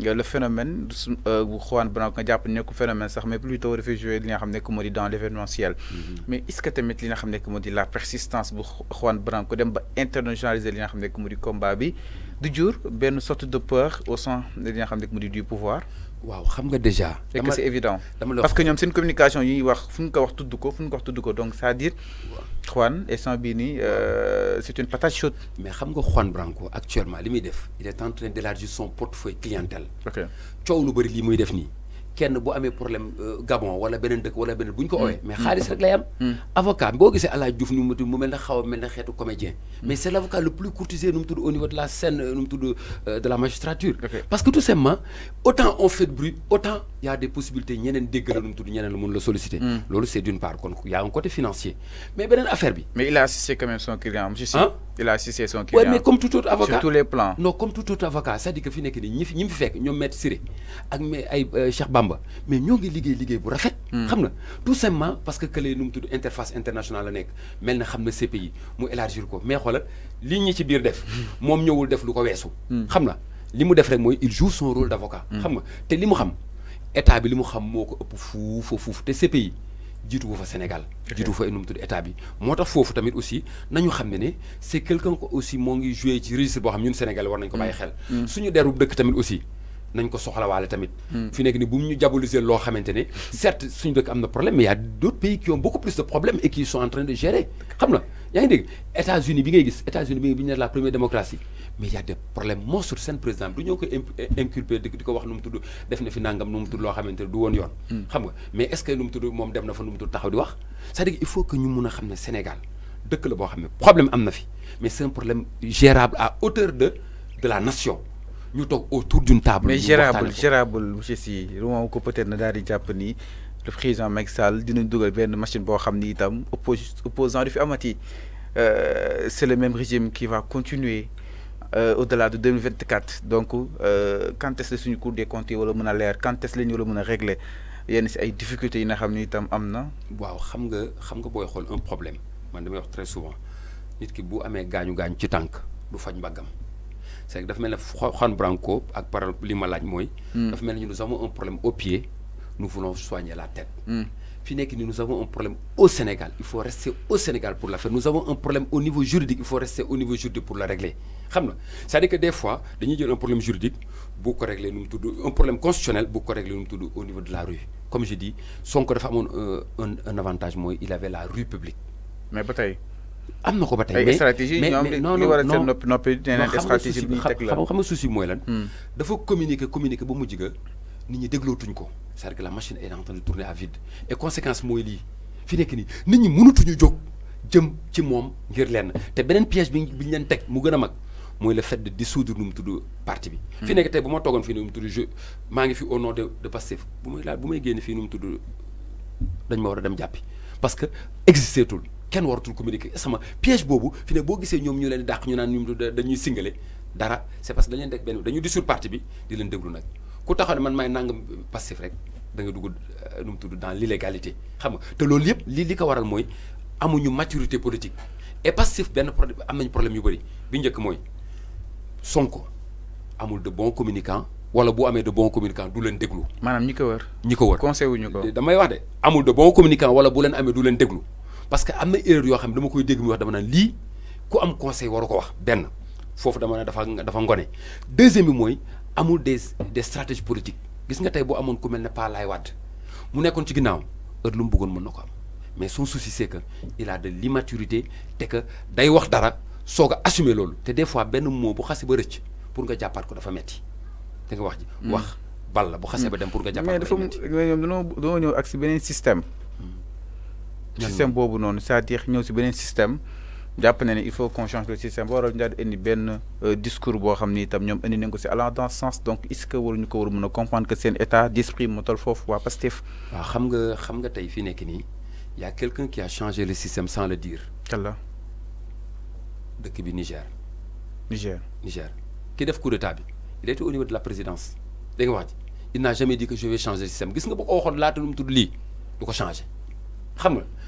le phénomène de euh, Juan phénomène plutôt réfugié dans l'événementiel, mm-hmm. mais est ce que tu as la persistance de Juan Branco internationaliser combat sorte de peur au sein du pouvoir waaw déjà. c'est que c'est évident parce que avons une communication yi wax donc c'est-à-dire. Juan et bii euh, c'est une patate chaude. mais xam nga Juan Branco actuellement il est en train d'élargir son portefeuille clientèle. ok coow lu bëri lii muy def kenn bu amee problème euh, Gabon wala beneen dëkk wala beneen bu ñu ko hmm. owee mais xaalis hmm. rek lay am hmm. avocat boo gisee Alaaji Diouf nu mu tudd mu mel na xaw a mel xeetu comédien mais c'est l'avocat le plus courtisé nu mu au niveau de la scène euh, nu mu euh, de la magistrature parce que tout simplement autant on fait de bruit autant y a des possibilités ñeneen dégg la nu mu tudd ñeneen la mun solliciter loolu c' d'une part kon y a un côté financier mais beneen affaire bi mais il a assisté quand même son client monsieur hein? il a assisté son client oui mais comme tout autre avocat sur tous les plans non comme tout autre avocat c'est à dire que fi nekk nii ñi fi ñi fi fekk ñoom Siré ak mais ay Cheikh mais ñoo ngi liggéey liggéey bu rafet. Hmm. xam tout simplement parce que les nu mu tudd interface internationale la nekk mel na xam na CPI mu élargir ko mais xolal li ñi ci biir def. mom hmm. ñewul def lu ko weesu. Hmm. xam na li mu def rek moy il joue son rôle d'avocat xam nga te li mu xam état bi li mu xam moko ko ëpp fuufa fuuf te CPI jiitu ko fa Sénégal. jiitu fa nu mu tudd état bi motax fofu tamit aussi nañu xam ne c'est quelqu'un ko aussi mo ngi jouer ci registre bo xam ñun Sénégal war nañ ko baye xel. suñu derub dëkk tamit aussi nañ ko tamit. Hmm. fi ni diaboliser certes suñu dëkk problème y' a d'autres pays qui ont beaucoup plus de problèmes et qui sont en train de gérer xam États-Unis bi la première démocratie mais y' a des problèmes monstres président Nous ko nous diko wax def na fi nangam hmm. mais est ce que nous tudd dem na c'est-à-dire il faut que nous nous xamné Sénégal dëkk la problème mais c'est un problème gérable à hauteur de de la nation nous sommes autour d'une table. mais gérable gérable monsieur Si, nous ko peut-être na daal di ni le président Macky Sall dina dugal une machine boo xam itam opposant du fi amati euh, c'est le même régime qui va continuer euh, au-delà de 2024 donc euh, quand est-ce que suñu cour des comptes wala quand est-ce que nous wala mën a régler a des difficultés qui nous xam ni itam am waaw un problème je le dis très souvent nit ki bu amee gaañu gaañu ci tànk du faj mbaggam c'est que dire que Branco hmm. nous avons un problème au pied nous voulons soigner la tête. Hmm. fini nous avons un problème au Sénégal il faut rester au Sénégal pour la faire nous avons un problème au niveau juridique il faut rester au niveau juridique pour la régler c'est-à-dire que des fois dañuy jël un problème juridique bu un problème constitutionnel bu ko régler au niveau de la rue comme je dis son dafa euh, un un avantage moy il avait la rue publique. mais bataille am na ko ba tey mais stratégie ñoom li war a seen noppi noppi stratégie bi la xam nga souci lan hmm. dafa communiquer communiquer ba mujj ga nit ñi déglootuñ ko c'est-à-dire que la machine est en train de tourner à vide et conséquence mooy lii fi nekk ni nit ñi mënutuñu jóg jëm ci moom ngir lenn te beneen piège bi bi ñu leen teg mu gën a mag mooy le fait de dissoudre nu mu tudd parti bi fi hmm. nekk tey bu ma toogoon fii nu mu tudd je maa ngi fi au nom de de Pastef bu may laal bu may génn fii nu mu tudd dañ ma war a dem jàppi parce que existé kenn waratul communiquer sama piège boobu fi ne boo gisee ñoom ñu leen dàq ñu naan ñoom dañuy singale dara c'est parce que dañu leen def benn parti bi di leen déglu nag ku taxaw ne man maay nangam passif rek da nga dugg euh, nu mu tudd dans l'illégalité xam nga te loolu yëpp lii li ko waral mooy amuñu maturité politique et passif benn pro am nañu problème yu bëri bi njëkk mooy Sonko amul de bon communicant wala bu amee de bon communicant du leen déglu. maanaam ñi ko wër. ñi ko wër conseil wu ñu damay wax de amul de wala bu leen amee du leen déglu. parce que amna erreur yo xam dama koy dégg muy wax dama nan li ku am conseil waroko wax ben fofu dama na dafa dafa ngone deuxième bi mooy amul des des stratégies politiques gis nga tay bo amone ku melne ne Pa Laay Wade mu nekkoon ci ginnaw heure lu mu bëggoon mën na ko am mais son souci c'est que il a de l'immaturité té que day wax dara soga assumer loolu té des fois ben mot bu xase ba rëcc pour nga jàppaat ko dafa metti te nga wax ji hmm. wax bal la bu xassé ba dem pour nga jàppaat mais dafa ñoom dañoo ñëw ak si beneen système système bobu non cest dire ñeu ci benen système japp na il faut qu'on change le système waral ñu daal di indi benn euh, discours bo xamni tam ñom ñoom indi nañ ko allant dans ce sens donc est-ce que waruñu ko waru mëna comprendre que sen état d'esprit mo toll fofu wa Pastef. waaw xam nga xam nga fi nek ni il y a quelqu'un qui a changé le système sans le dire. kàlla. dëkk bi Niger. Niger Niger ki def coup d'état bi il était au niveau de la présidence de nga wax il n'a jamais dit que je vais changer le système gis nga bu ko waxoon laata lu mu tudd lii changer xam nga.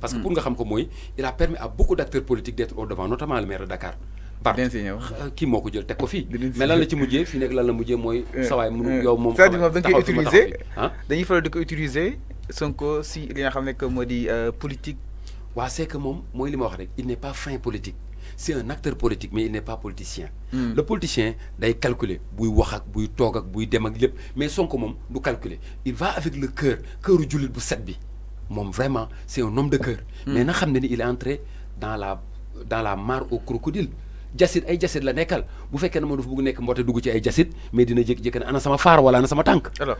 parce que hmm. pour nga xam ko il a permis à beaucoup d'acteurs politiques d'être au devant notamment le maire de Dakar qui ah, ah, m'a moo ko jël teg ko mais lan la ci mujjee fii nekk lan la Ça mooy euh, sawaay mënu euh, yow moom cest faut dire utiliser ah dañuy utiliser Sonko si li nga xam ne que di euh, politique waa c'est que mon, moi li ma wax il n'est pas fin politique c'est un acteur politique mais il n'est pas politicien hmm. le politicien il calculer buy wax ak buy toog ak buy dem ak mais Sonko moom du calculer il va avec le cœur cœur jullit bu set moom vraiment c'est un homme de cœur. Hmm. mais na xam ni il est entré dans la dans la mare au crocodile jasit ay jasit la nekkal bu fekké ne moom dafa bëgg nekk mboote dugg ci ay jasit mais dina jékki-jékki ana sama phare wala ana sama tank alors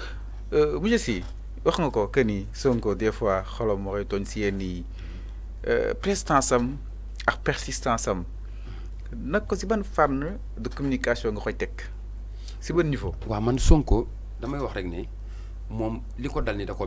monsieur jassi wax nga ko que ni Sonko des fois xolam mooy togn si yenn yi euh, prestance am ak persistance am nak ko ci ban fànn de communication nga koy tek ci ban niveau. wa man Sonko damay wax rek ne mom liko dal ni da ko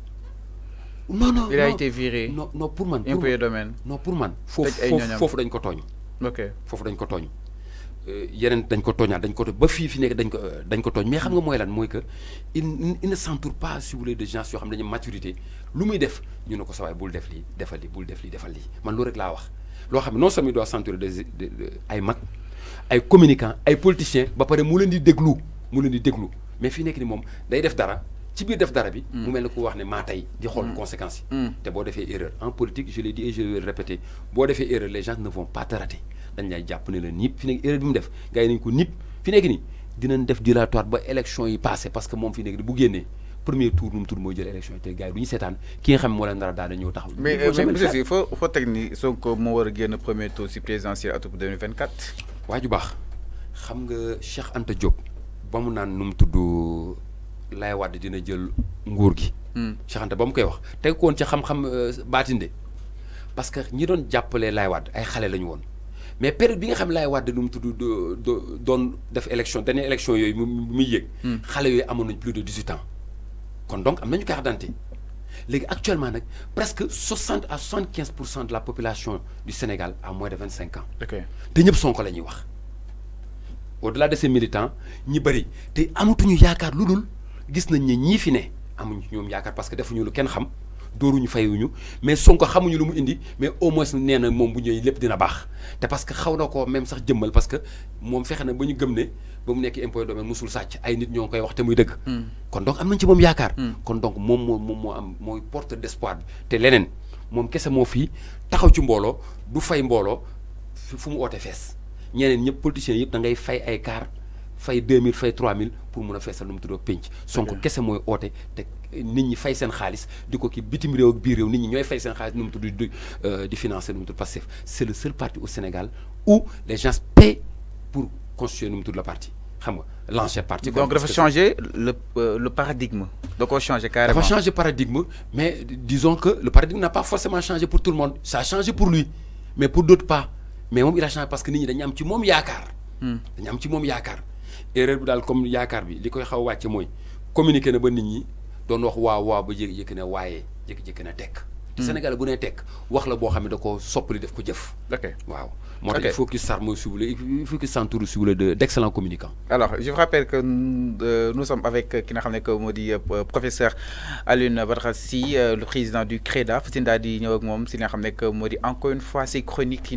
non non il a été viré. non non pour man impayé domaine. non pour man foofu foofu dañ ko tooñ. ok foofu dañ ko togn. Euh, yenen dañ ko togn, dañ ko ba fi fi nek dañ ko euh, dañ ko togn. mais xam nga moy lan moy que il il ne s'entoure pas si vous voulez de gens yo xam ne dañu maturité lu muy def ñu ne ko sawaay bul def li, defal li, bul def li, defal li. man loolu rek la wax. Lo xam ne non seulement il doit s'entourer des ay mag ay communicants ay politiciens ba paré mo leen di déglou, mo leen di déglou. mais fi nek ni mom day def dara ci biir def dara bi. Hmm. mu mel ne wax ne maa tey di xool hmm. conséquences yi. Hmm. te boo defee erreur en politique je le dit et je vais répéter boo defee erreur les gens ne vont pas te rater dañ lay jàpp ne la nip fi nekk erreur bi mu def gars yi nañ ko nip fi nekk ni dinañ def dilatoire ba élection yi passé parce que moom fi nekk bu génnee premier tour num tour, tur mooy jël élection te gars yi du ñu seetaan ki nga xam moo leen dara daal dañoo taxaw. mais euh, mais monsieur faut faut foo teg ni Sonko moo war a génn premier tour si présidentiel atum 2024. waa ju baax xam nga Cheikh Anta Diop ba mu naan num mu tudd lay Wade dina jël nguur gi. Hmm. Cheikh bam koy wax teg kon ci xam-xam euh, batinde parce que ñi doon jappelé lay Wade ay xalé la won mais période bi nga xam lay Wade nu mu doon def élection dernière élection yoy mi muy hmm. xalé yoy yooyu plus de 18 ans kon donc am nañu carte d'identité léegi actuellement nak presque 60 à 75 de la population du Sénégal a moins de 25 ans. ok te ñëpp Sonko la wax au delà de ces militants ñi bari te amatuñu yaakaar lu gis nañ ne ñii fi ne amuñu ñoom yaakaar parce que defuñu lu kenn xam dóoruñu ñu mais Sonko xamuñu lu mu indi mais au moins nee na moom bu ñëwee lépp dina baax te parce que xaw na ko même sax jëmmal parce que moom fexe na ba ñu gëm ne ba mu nekk impôt domaine musul sàcc ay nit ñoo ngi koy wax te muy dëgg. Hmm. kon donc am nañ ci moom yaakaar. Hmm. kon donc moom moo moom moo am mooy porte d'espoir bi te leneen moom kese moo fii taxaw ci mbooloo du fay mbooloo fi fu mu oote fees ñeneen ñëpp politiciens yëpp da ngay fay ay kaar. fay 2000 fay 3000 pour 000 pour num nous mu Sonko kese moy oté te nit ñi fay sen xaalis diko ki bitim réew ak biir réew nit ñi ñoy fay sen num euh, di financer num mu tudd c'est le seul parti au Sénégal où les gens paient pour construire num la partie. xam nga l'ancien parti. donc refa changer le euh, le paradigme. Donc, on changer carrément va changer paradigme mais disons que le paradigme n'a pas forcément changé pour tout le monde ça a changé pour lui mais pour d'autres pas mais mom il a changé parce que nit ñi dañ am ci mom yaakar hmm. dañ am ci mom yaakar erreur comme bi likoy xaw moy communiquer na ba nit ñi doon wax wa wa ne na hmm. Sénégal wax la bo da ko def ko jëf waaw il faut que il faut d'excellents communicants alors je vous rappelle que euh, nous sommes avec qui euh, modi que euh, professeur alun badrassi le président du CREDA que encore une fois c'est chronique